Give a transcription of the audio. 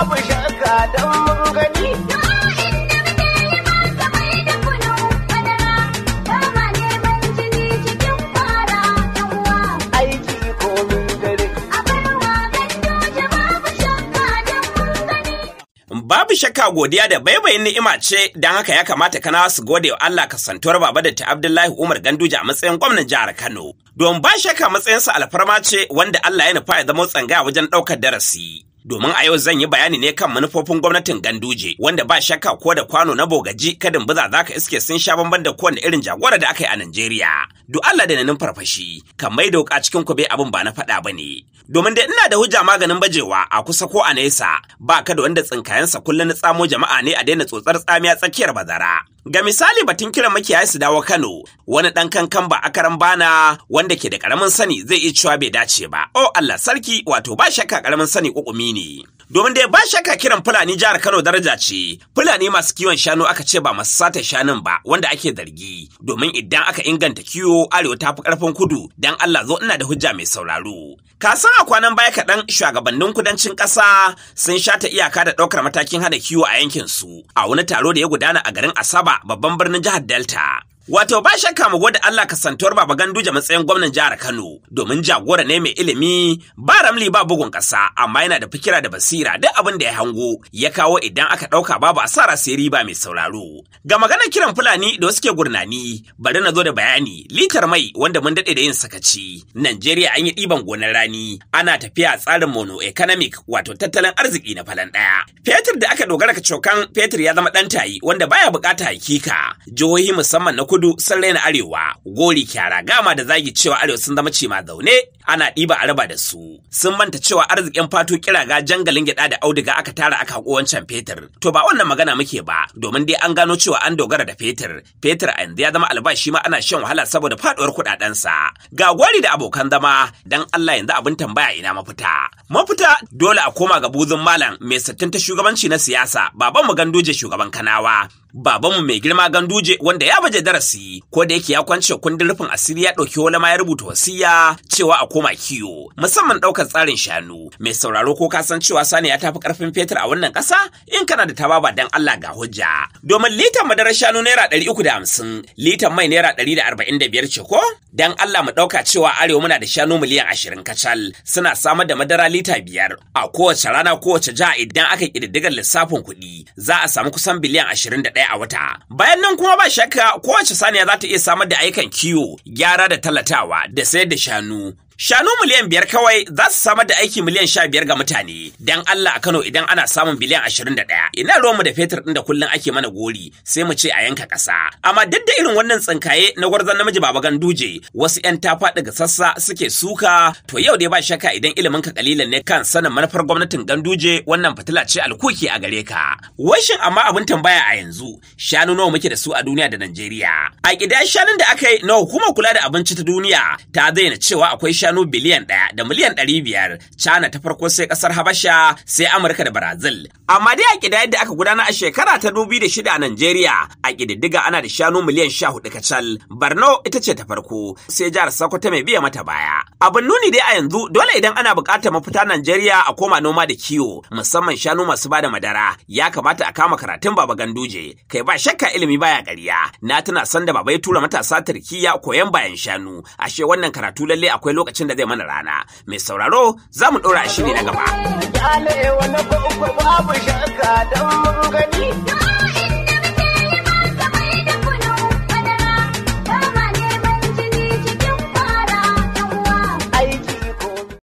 babu shakka don mun gani. Babu shakka godiya da baibayin ni'ima ce don haka ya kamata kana su gode wa Allah santuwar baba da ta Abdullahi Umar Ganduja a matsayin gwamnan jihar Kano. Don ba shakka matsayinsa alfarma ce wanda Allah ya nufa ya zama tsanga wajen ɗaukar darasi. domin a yau zan yi bayani ne kan manufofin gwamnatin Ganduje wanda ba shakka ko da kwano na bogaji kadin buza zaka iske sun sha bamban da kowane irin jagora da aka yi a Najeriya. duk Allah da nanin farfashi kan mai da wuka cikin bai abin ba na faɗa ba ne domin da ina da hujja maganin bajewa a kusa ko a nesa ba ka da wanda tsinkayensa kullum na tsamo jama'a ne a daina tsotsar tsamiya tsakiyar bazara ga misali batun kiran makiyayi su dawo Kano wani ɗan kankan ba akaran bana wanda ke da karamin sani zai iya cewa bai dace ba oh Allah sarki wato ba shakka karamin sani ƙuƙumi ne domin da ba shakka kiran Fulani jihar Kano daraja ce. Fulani masu kiwon shanu aka ce ba masu sata shanun ba wanda ake zargi domin idan aka inganta kiwo arewa ta fi karfin kudu dan Allah zo ina da hujja mai sauraro. Ka san a kwanan baya kaɗan shugabannin kudancin ƙasa sun shata iyaka da ɗaukar matakin hana kiwo a yankin su a wani taro da ya gudana a garin Asaba babban birnin jihar Delta. Wato ba shakka mu gode Allah ka santuwar Baba Ganduje matsayin gwamnan jihar Kano domin jagora ne mai ilimi ba ramli ba bugun ƙasa amma yana da fikira da basira duk abin da ya hango ya kawo idan aka dauka babu asara sai riba mai sauraro. Ga maganar kiran Fulani da wasu ke gurnani bari na zo da bayani litar mai wanda mun daɗe da yin sakaci. Najeriya an yi ɗiban gonar rani ana tafiya tsarin mono economic wato tattalin arziki na falan ɗaya. Fetur da aka dogara ka cokan fetur ya zama ɗan tayi wanda baya buƙata hakika. Jihohi musamman na kudu kudu sun raina arewa gori kyara gama da zagi cewa arewa sun zama cima zaune ana ɗiba a raba da su sun manta cewa arzikin fato kiraga jangalin gyada da auduga aka tara aka haƙo wancan fetur to ba wannan magana muke ba domin dai an gano cewa an dogara da fetur fetur a yanzu ya zama albashi ma ana shan wahala saboda faɗuwar kuɗaɗensa ga gwari da abokan zama dan Allah yanzu abin tambaya ina mafita mafita dole a koma ga buzun malam mai sattin ta shugabanci na siyasa baban mu gandoje shugaban kanawa babanmu mai girma ganduje wanda ya baje darasi ko da yake ya kwance kundin rufin asiri ya ɗauki wala ma ya rubuta wasiya cewa a koma kiyo musamman ɗaukar tsarin shanu mai sauraro ko kasan cewa sani ya tafi karfin fetur a wannan ƙasa in kana da tababa dan Allah ga hujja domin litan madarar shanu naira ɗari uku da hamsin litan mai naira ɗari da arba'in da biyar ce ko dan Allah mu ɗauka cewa arewa muna da shanu miliyan ashirin kacal suna samar da madara lita biyar a kowace rana kowace jiha idan aka ƙididdigar lissafin kuɗi za a samu kusan biliyan ashirin ɗaya a wata. Bayan nan kuma ba shakka kowace saniya za ta iya samar da ayyukan kiwo, gyara da talatawa, da sayar da shanu, Shanu miliyan biyar kawai za su samar da aiki miliyan sha biyar ga mutane. Dan Allah a Kano idan ana samun biliyan ashirin da ɗaya. Ina mu da fetur ɗin da kullum ake mana gori sai mu ce a yanka ƙasa. Amma duk da irin wannan tsinkaye na gwarzon namiji baba ganduje wasu 'yan faɗi ga sassa suke suka to yau dai ba shakka idan ilimin ka kalilan ne kan sanin manufar gwamnatin ganduje wannan fitila ce alkuki a gare ka. Washin amma abin tambaya a yanzu shanu nawa muke da su a duniya da Najeriya. A ƙidaya shanun da aka yi na hukumar kula da abinci ta duniya ta zayyana cewa akwai shanu shanu biliyan ɗaya da miliyan ɗari biyar china ta farko sai ƙasar habasha sai amurka da brazil amma dai a ƙida yadda aka gudana a shekara ta dubi da shida a najeriya a ƙididdiga ana da shanu miliyan sha hudu kacal barno ita ce ta farko sai jihar sokoto mai biya mata baya abin nuni dai a yanzu dole idan ana buƙatar mafita najeriya a koma noma da kiwo musamman shanu masu bada madara ya kamata a kama karatun baba ganduje kai ba shakka ilimi baya ƙarya na tana san da baba ya tura matasa turkiya koyan bayan shanu ashe wannan karatu lalle akwai lokaci lokacin da zai mana rana. Mai sauraro za mu ɗora shiri na gaba. ya Yale wani babu shakka don mun gani.